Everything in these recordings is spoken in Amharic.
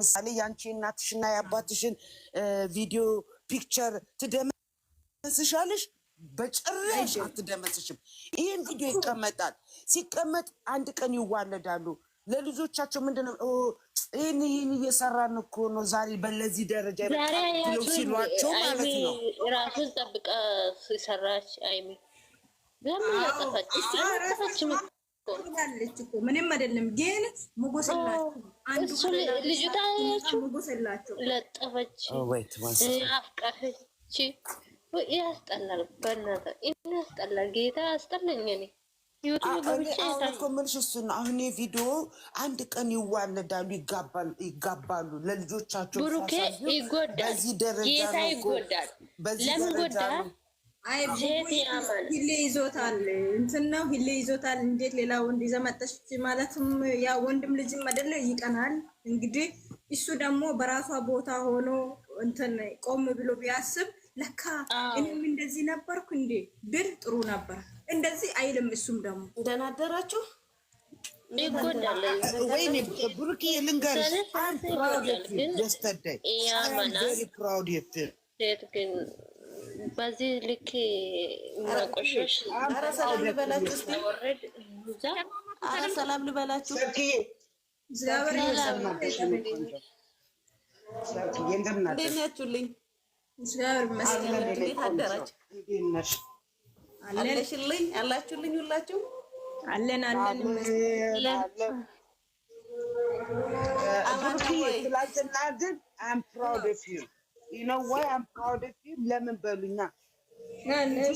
ምሳሌ የአንቺ እናትሽና የአባትሽን ቪዲዮ ፒክቸር ትደመስሻለሽ? በጭራሽ አትደመስሽም። ይህን ቪዲዮ ይቀመጣል። ሲቀመጥ አንድ ቀን ይዋለዳሉ። ለልጆቻቸው ምንድነው ይህን ይህን እየሰራን እኮ ነው ዛሬ በለዚህ ደረጃ ሲሏቸው ማለት ነው። ራሱን ጠብቃ ሲሰራች አይሚ ለምን ያጠፋች? ምንም አይደለም ግን ሞጎስላቸው ልጅቷ ለጠፈች፣ አፍቀፈች። ያስጠላል፣ በእናትህ ያስጠላል። ጌታ አሁን ቪዲዮ አንድ ቀን ይዋለዳሉ፣ ይጋባሉ፣ ለልጆቻቸው በዚህ ደረጃ ነው። በዚህ ደረጃ አይ ሂሌ ይዞታል፣ እንትን ነው ሂሌ ይዞታል። እንዴት ሌላ ወንድ ይዘህ መጣች? ማለትም ያ ወንድም ልጅም አይደለ ይቀናል። እንግዲህ እሱ ደግሞ በራሷ ቦታ ሆኖ እንትን ቆም ብሎ ቢያስብ ለካ እኔም እንደዚህ ነበርኩ እንዴ ብር ጥሩ ነበር እንደዚህ አይልም። እሱም ደግሞ ደህና ወይኔ ብሩኬ ልንገርሽ ፕራውድ የስተርዴይ ፕራውድ በዚህ ልክ ማቆሸሽ። ኧረ ሰላም ልበላችሁ እስኪ፣ ኧረ እንዴት አደራችሁ? አለን አለን። ነዋይ አምፕራውድም ለምን በሉኛ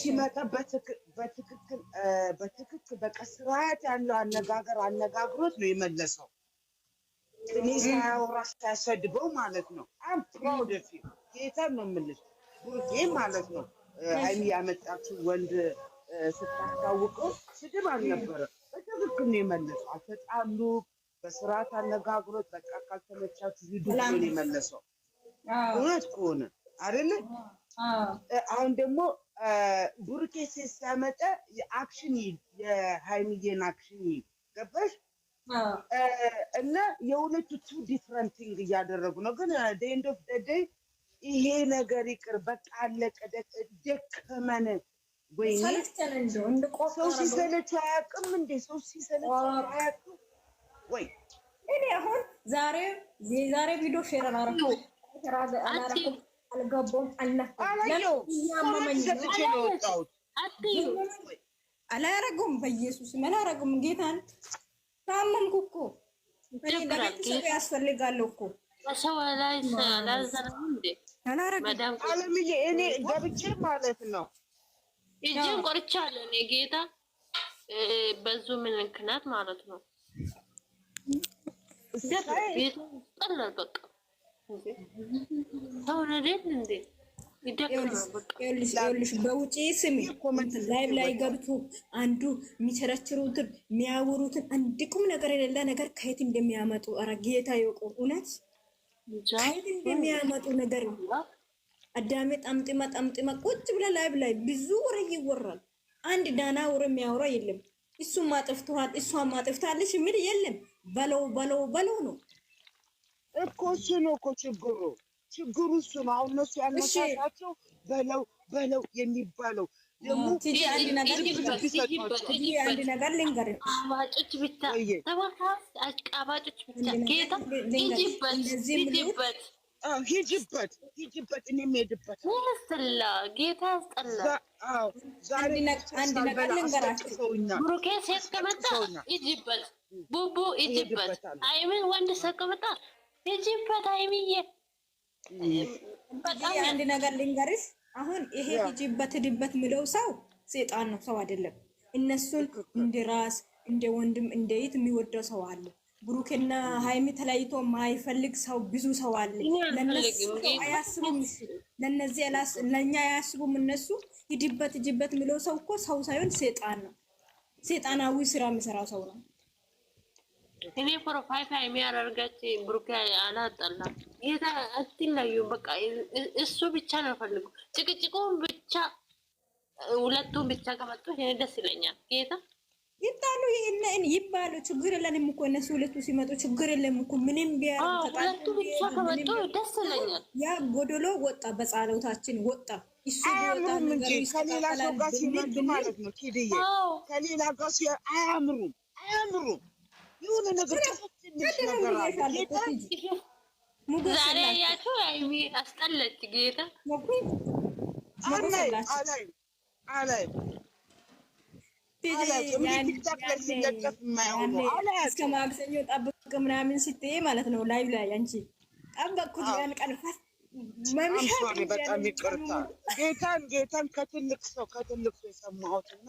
ሲመጣ በትክክል በቃ ስርዓት ያለው አነጋገር አነጋግሮት ነው የመለሰው። እኔ ሳያወራ ሳያሰድበው ማለት ነው። ነው የምልሽ ማለት ነው። ያመጣችው ወንድ ስታስታውቀው ስድብ አልነበረ። በትክክል ነው የመለሰው። አልተጣሉ በስርዓት አነጋግሮት በቃ ካልተመቻችሁ ሂዱ ነው የመለሰው። እውነት ከሆነ አይደለ? አሁን ደግሞ ቡርኬ ሴት የአክሽን ይል የሃይሚዬን አክሽን ይል ገባሽ? እና የሁለቱ ቱ ዲፍረንቲንግ እያደረጉ ነው። ግን ደንድ ኦፍ ደደይ ይሄ ነገር ይቅር፣ በቃ አለቀ፣ ደከመን። ወይኔ ሰው ሲሰለች አያውቅም እንዴ! ሰው ሲሰለች አያውቅም ወይ? እኔ አሁን ዛሬ የዛሬ ቪዲዮ ሼር አላረኩም አላረጉም። በኢየሱስ አላረጉም። ጌታን ታመምኩ እኮ እኮ አለምዬ እኔ ገብቼ ማለት ነው እጅን ቆርቻለሁ እኔ ጌታ በዙ ምን ምክንያት ማለት ነው በቃ አሁን አይደል እንዴ ይደቅልሽ በውጪ ስሚ ኮመንት ላይ ላይ ገብቶ አንዱ የሚቸረችሩትን የሚያውሩትን አንድ ቁም ነገር የሌለ ነገር ከየት እንደሚያመጡ ኧረ ጌታ ይወቁ። እውነት ከየት እንደሚያመጡ ነገር አዳሜ ጠምጥማ ጠምጥማ ቁጭ ብለ ላይ ላይ ብዙ ወሬ ይወራል። አንድ ዳና ወሬ የሚያወራ የለም። እሱም አጥፍቷል፣ እሷም አጥፍታለች የሚል የለም። በለው በለው በለው ነው እኮ እሱ ነው እኮ ችግሩ፣ ችግሩ እሱ ነው። አሁን እነሱ ያነሳሳቸው በለው በለው የሚባለው ደግሞ አንድ ነገር ልንገርህ፣ አባጮች ብቻ ሂጅበት፣ ሂጅበት፣ እኔ የምሄድበት ጌታ ያስጠላ። አንድ ነገር ልንገራችሁ፣ ብሩኬ ሴት ከመጣ ሂጅበት፣ ቡቡ ሂጅበት፣ አይምን ወንድ ሰው ከመጣ ሂጂበት ሃይሚዬ አንድ ነገር ልንገርሽ። አሁን ይሄ ሂጂበት ምለው ሰው ሴጣን ነው፣ ሰው አይደለም። እነሱን እንደ ራስ እንደ ወንድም እንደ ይት የሚወደው ሰው አለ። ብሩክና ሀይሚ ተለያይቶ ማይፈልግ ሰው ብዙ ሰው አለ። አያስቡም፣ ለነዚህ ለእኛ አያስቡም። እነሱ ሰው እኮ ሰው ሳይሆን ሴጣን ነው። ሴጣናዊ ስራ የሚሰራው ሰው ነው። እኔ ፕሮፋይል የሚያደርገች ብሩኬ አላጣላም። ጌታ አትለዩም። በቃ እሱ ብቻ ነው ፈልጉ። ጭቅጭቁን ብቻ ሁለቱን ብቻ ከመጡ ይሄ ደስ ይለኛል። ጌታ ይጣሉ ይባሉ፣ ችግር የለንም እኮ እነሱ ሁለቱ ሲመጡ ችግር የለም እኮ ምንም ሁለቱ ብቻ ከመጡ ደስ ይለኛል። ያ ጎዶሎ ወጣ፣ በጸሎታችን ወጣ። ከሌላ ጋር ሲመጡ ማለት ነው። ከሌላ ጋር አያምሩም፣ አያምሩም የሆነ ነገር ዛሬ ያያቸው አይሚ አስጠለች። ጌታ እስከ ማክሰኞ ጠብቅ ምናምን ስትይ ማለት ነው። ላይ ላይ አንቺ ጠበቅኩት ያን ቀን በጣም ይቅርታ ጌታን ጌታን ከትልቅ ሰው ከትልቅ ሰው የሰማሁትና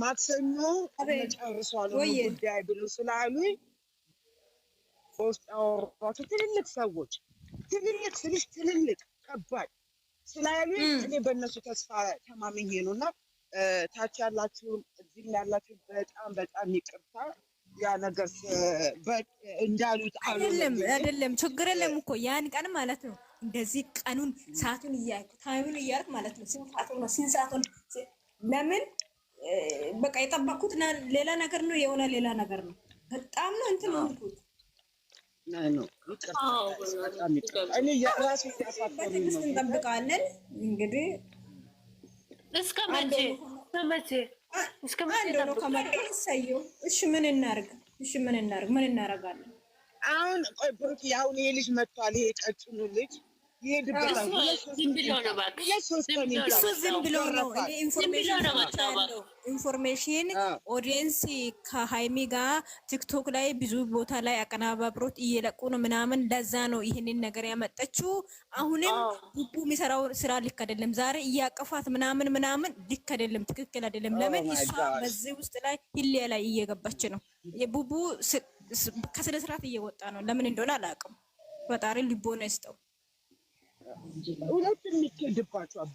ማክሰኞ ጨርሷል ጉዳይ ብሎ ስላሉኝ በውስጥ ያወራኋቸው ትልልቅ ሰዎች ትልልቅ ስልሽ ትልልቅ ከባድ ስላሉኝ እኔ በእነሱ ተስፋ ተማምኜ ነው እና ታች ያላችሁም እዚህም ያላችሁ በጣም በጣም ይቅርታ። ያ ነገር እንዳሉት አይደለም አይደለም፣ ችግር የለም እኮ ያን ቀን ማለት ነው። እንደዚህ ቀኑን ሰዓቱን እያልኩ ታይሙን እያልኩ ማለት ነው። ስንት ሰዓት ለምን በቃ የጠበኩት ሌላ ነገር ነው፣ የሆነ ሌላ ነገር ነው። በጣም ነው እንትን ሆንኩት። በትዕግስት እንጠብቃለን እንግዲህ እስከ መቼ አንድ እሺ ምን እናርግ? እሺ ምን እናርግ? ምን እናረጋለን አሁን? ቆይ ብሩክ፣ አሁን ይሄ ልጅ መጥቷል። ይሄ ቀጭኑ ልጅ ይሄድበታል። ዝም ብሎ ነው ኢንፎርሜሽን ኦዲየንስ ከሀይሚ ጋር ቲክቶክ ላይ ብዙ ቦታ ላይ አቀናባብሮት እየለቁ ነው ምናምን። ለዛ ነው ይህንን ነገር ያመጠችው። አሁንም ቡቡ የሚሰራው ስራ ልክ አይደለም። ዛሬ እያቀፋት ምናምን ምናምን ልክ አይደለም፣ ትክክል አይደለም። ለምን እሷ በዚህ ውስጥ ላይ ህሊያ ላይ እየገባች ነው። ቡቡ ከስነ ስርዓት እየወጣ ነው። ለምን እንደሆነ አላውቅም። ፈጣሪ ልቦና ይስጠው። ሁለቱም የሚኬድባቸዋል።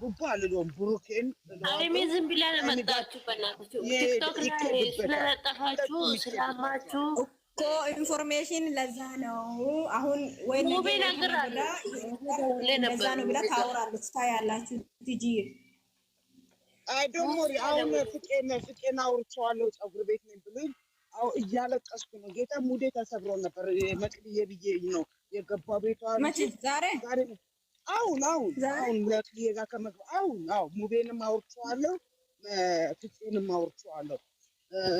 ቡባ አልለውም፣ ብሩኬን አለሜ ዝም ብላ ለመጣችሁ በእናታችሁ ቲክቶክ ላይ ስለለጠፋችሁ ስላማችሁ እኮ ኢንፎርሜሽን ለዛ ነው። አሁን ወይ ለዛ ነው ብላ ታወራለች። ታያላችሁ ቲጂ አይ ደግሞ አሁን ፍቄን ፍቄን አውርቼዋለሁ። ፀጉር ቤት ነኝ ብሎኝ እያለቀስኩ ነው። ጌታ ሙዴ ተሰብሮ ነበር መቅድዬ ብዬ ነው የገባ ቤቷ ዛሬ አሁን አሁን አሁን ለጥዬ ጋር ከመግባ አሁን አሁን ሙቤንም አውርቼዋለሁ፣ ፍፄንም አውርቼዋለሁ።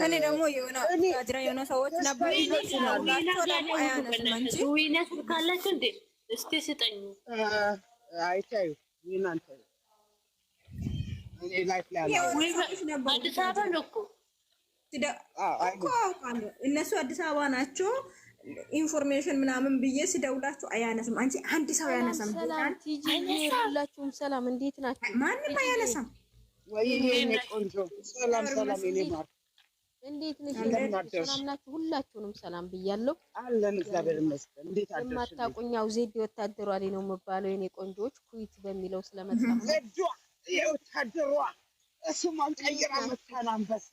እኔ ደግሞ የሆነ አጅራ የሆነ ሰዎች ነበሩ ስልካለች እንዴ እስቲ ስጠኝ አይታዩ እናንተ አዲስ አበባ ነው እኮ እነሱ አዲስ አበባ ናቸው። ኢንፎርሜሽን ምናምን ብዬ ሲደውላችሁ አያነስም። አንቺ አንድ ሰው አያነሳም። ሁላችሁም ሰላም፣ እንዴት ናችሁ? ማንም አያነሳም። እንዴት ነሽ? ሰላም ናችሁ? ሁላችሁንም ሰላም ብያለሁ። አለን እግዚአብሔር ይመስገን። እንዴት አደረሽ? የማታውቁኛው ዜድ ወታደሯ ላይ ነው የምባለው የኔ ቆንጆች ኩዊት በሚለው ስለመጣ ዜድ የወታደሯ እሱማን ቀይራ መታና አንበሳ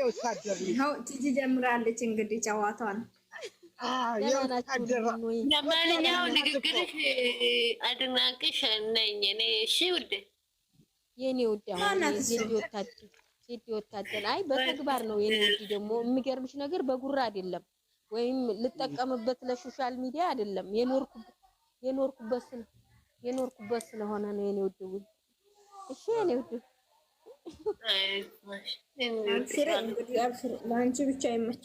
የወታደር ነው ቲጂ ጀምራለች እንግዲህ ጨዋታዋን ለማንኛውም ንግግርሽ አድናቂሽ ነኝ እኔ። እሺ ውዴ፣ የኔ ውዴ ሴት ወታደር። አይ በተግባር ነው የኔ ውዴ። ደግሞ የሚገርምሽ ነገር በጉራ አይደለም ወይም ልጠቀምበት ለሶሻል ሚዲያ አይደለም የኖርኩበት ስለሆነ ነው የኔ ውዴ። እሺ የኔ ውዴ ለአንቺ ብቻ ይመች።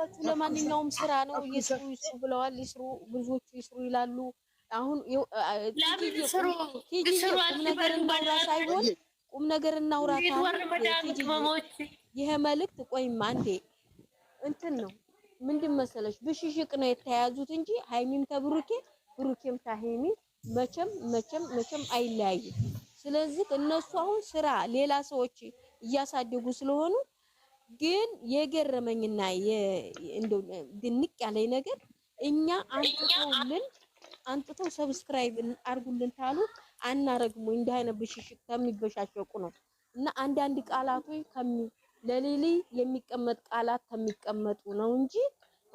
እባካችሁ ለማንኛውም ስራ ነው ይስሩ ይስሩ ብለዋል። ይስሩ ብዙዎቹ ይስሩ ይላሉ። አሁን ነገር እናውራ ሳይሆን ቁም ነገር እናውራ። ይሄ መልእክት ቆይማ እንዴ እንትን ነው ምንድን መሰለሽ ብሽሽቅ ነው የተያዙት እንጂ ሃይሚም ተብሩኬ ብሩኬም ታሄሚ መቼም መቼም መቼም አይለያይም። ስለዚህ እነሱ አሁን ስራ ሌላ ሰዎች እያሳደጉ ስለሆኑ ግን የገረመኝና ድንቅ ያለኝ ነገር እኛ አንጥተውልን አንጥተው ሰብስክራይብ አርጉልን ታሉ አናረግሙ እንዲህ አይነት ብሽሽቅ ከሚበሻሸቁ ነው። እና አንዳንድ ቃላቶች ከሚ ለሌሊ የሚቀመጥ ቃላት ከሚቀመጡ ነው እንጂ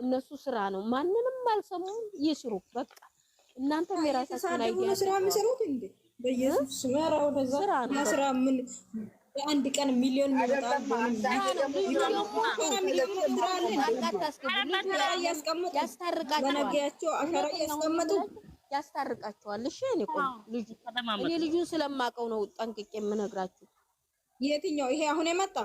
እነሱ ስራ ነው። ማንንም አልሰሙም፣ ይስሩ በቃ። እናንተም የራሳችሁን አይዲያ ስራ እንዴ? በኢየሱስ ስም ያራው ደዛ ስራ ነው። በአንድ ቀን ሚሊዮን ያስታርቃቸው ያስታርቃቸዋል። እሺ እኔ ቆይ ልጁ እኔ ልጁ ስለማቀው ነው ጠንቅቄ የምነግራችሁ። የትኛው ይሄ አሁን የመጣ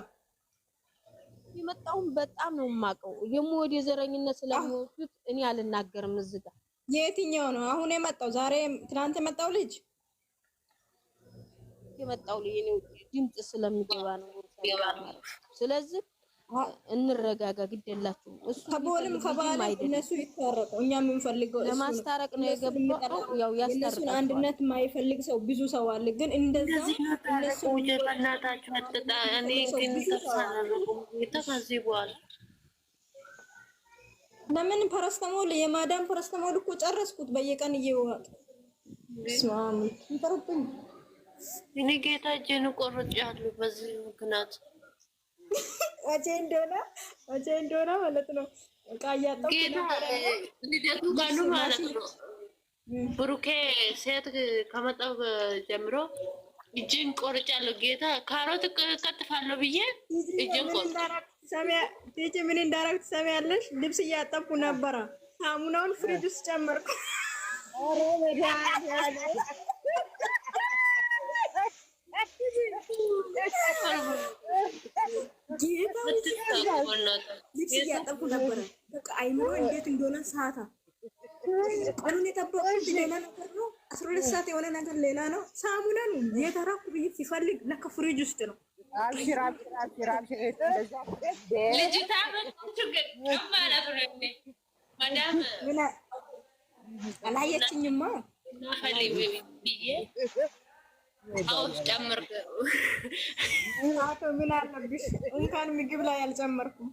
የመጣውን በጣም ነው የማቀው። የምወድ የዘረኝነት ስለሚወዱት እኔ አልናገርም። እዚህ ጋር የትኛው ነው አሁን የመጣው? ዛሬ ትናንት የመጣው ልጅ የመጣው ልጅ እኔ ድምፅ ስለሚገባ ነው። ስለዚህ እንረጋጋ፣ ግደላችሁ እሱ ከቦልም ከባለ እነሱ ይታረቁ። እኛ የምንፈልገው ለማስታረቅ ነው የገባው። ያው ያስታርቁ። አንድነት የማይፈልግ ሰው ብዙ ሰው አለ። ግን እንደዚህ እነሱ ወጀላታችሁ አጥጣ እኔ ግን ተሳናለሁ ይተፋዚዋል ለምን ፓራስተሞል የማዳም ፓራስተሞል እኮ ጨረስኩት። በየቀን እየወጣ ስማም ይጠሩብኝ እኔ ጌታ እጄን ቆርጬ በዚህ ምክንያት መቼ እንደሆነ መቼ እንደሆነ ማለት ነው። እቃ እያጣሁ ልደቱ ማለት ነው። ብሩኬ ሴት ከመጣሁ ጀምሮ እጅን ቆርጫለሁ። ጌታ ካሮት ቀጥፋለሁ ብዬ እጅን ቆርጬ ምን እንዳረግ ትሰሚያለሽ? ልብስ እያጠብኩ ነበረ። ሳሙናውን ፍሪጅ ውስጥ ጨመርኩ። ልብስ እያጠብኩ ነበረ። በቃ አይምሮ እንዴት እንደሆነ ሰዓታ ቀኑን የጠበቁት ሌላ ነገር ነው። አስራ ሁለት ሰዓት የሆነ ነገር ሌላ ነው። ሳሙናን የተራኩ ብዬ ሲፈልግ ለካ ፍሪጅ ውስጥ ነው። አላየችኝማ አውፍ ጨምር አቶ ምን አለብሽ? እንኳን ምግብ ላይ አልጨመርኩም።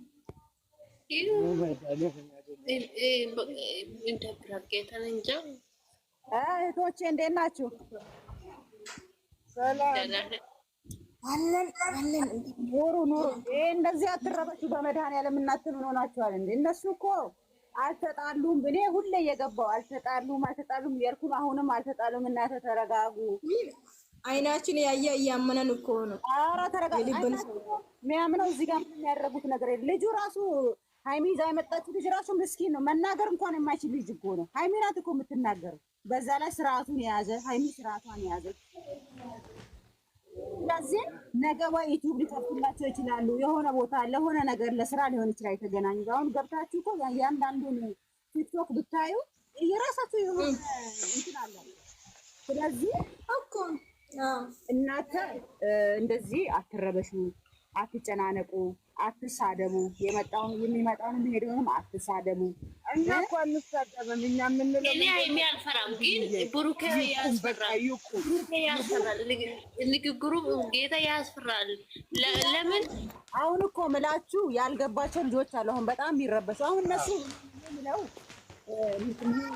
እህቶቼ እንዴት ናችሁ? አለን አለን። ኑሩ ኑሩ። እንደዚህ አትረበሹ። በመድኃኒዓለም እናትም ሆናችኋል። እነሱ እኮ አልተጣሉም። እኔ ሁሌ እየገባው አልተጣሉም አልተጣሉም እያልኩም አሁንም አልተጣሉም። እናንተ ተረጋጉ አይናችን ያየ እያመነን እኮ ነው። ኧረ ተረጋጋ። የሚያምነው እዚህ ጋር ምንም ነገር የለም። ልጁ ራሱ ሀይሚ ይዛ የመጣችው ልጅ ራሱ ምስኪን ነው። መናገር እንኳን የማይችል ልጅ እኮ ነው። ሀይሚ ናት እኮ የምትናገረው። በዛ ላይ ስርዓቱን የያዘ ሀይሚ ስርዓቷን የያዘ ስለዚህ ነገ ወይ ዩቱብ ሊከፍቱላቸው ይችላሉ። የሆነ ቦታ ለሆነ ነገር ለስራ ሊሆን ይችላል የተገናኙ። አሁን ገብታችሁ እኮ ያንዳንዱን ቲክቶክ ብታዩ የራሳቸው የሆነ እንትን አለ። ስለዚህ እኮ እናንተ እንደዚህ አትረበሹ፣ አትጨናነቁ፣ አትሳደቡ። የመጣውን የሚመጣውን የሚሄደውንም አትሳደቡ። እኛ እኮ አንሳደብም። እኛ የምንለው እኔ አልፈራም፣ ግን ብሩኬ ያስፈራል። ንግግሩ ጌታ ያስፈራል። ለምን አሁን እኮ ምላችሁ ያልገባቸው ልጆች አሉ። አሁን በጣም የሚረበሱ አሁን እነሱ ምለው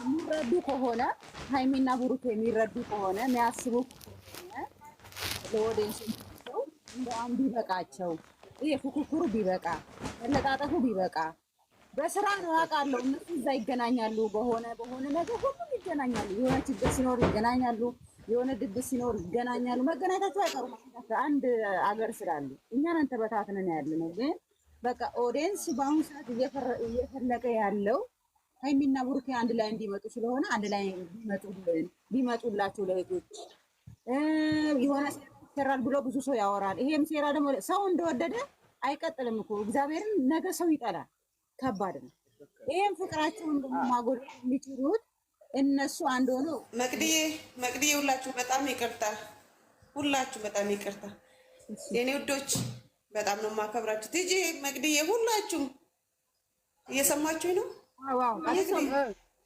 የሚረዱ ከሆነ ሃይሚና ብሩኬ የሚረዱ ከሆነ የሚያስቡ ለወደንሽን ሰው እንደ አንድ ቢበቃቸው ይሄ ፉክክሩ ቢበቃ መለጣጠፉ ቢበቃ በስራ ነው አውቃለሁ። እነሱ እዛ ይገናኛሉ፣ በሆነ በሆነ ነገር ሁሉም ይገናኛሉ። የሆነ ችግር ሲኖር ይገናኛሉ፣ የሆነ ድግስ ሲኖር ይገናኛሉ። መገናኘታቸው አይቀሩም። አንድ አገር ስላሉ እኛ ነን ተበታትነን ያለ ነው። ግን በቃ ኦዲየንስ በአሁኑ ሰዓት እየፈለቀ ያለው ሀይሚና ቡርኬ አንድ ላይ እንዲመጡ ስለሆነ አንድ ላይ ቢመጡላቸው ለእህቶች የሆነ ይሰራል ብሎ ብዙ ሰው ያወራል። ይሄም ሴራ ደግሞ ሰው እንደወደደ አይቀጥልም እኮ እግዚአብሔርን ነገ ሰው ይጠላል። ከባድ ነው። ይሄም ፍቅራቸውን ማጎል የሚችሉት እነሱ አንድ ሆኖ መቅድዬ መቅድዬ ሁላችሁ በጣም ይቅርታ፣ ሁላችሁ በጣም ይቅርታ። የኔ ውዶች በጣም ነው የማከብራችሁ። ትጂ መቅድዬ፣ ሁላችሁም እየሰማችሁ ነው?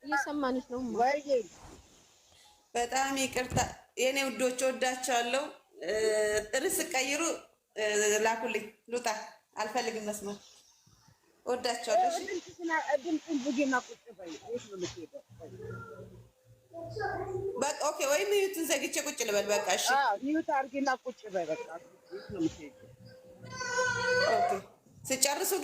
እየሰማንሽ ነው። በጣም ይቅርታ የኔ ውዶች፣ ወዳችኋለሁ። ርዕስ ቀይሩ ላኩልኝ። ሉጣ አልፈልግም መስመር ወዳቸዋለሁ። በቃ ኦኬ፣ ወይ ሚዩትን ዘግቼ ቁጭ ልበል። በቃ እሺ፣ ሚዩት አድርጌና ቁጭ በይ። በቃ ስጨርሱ ግን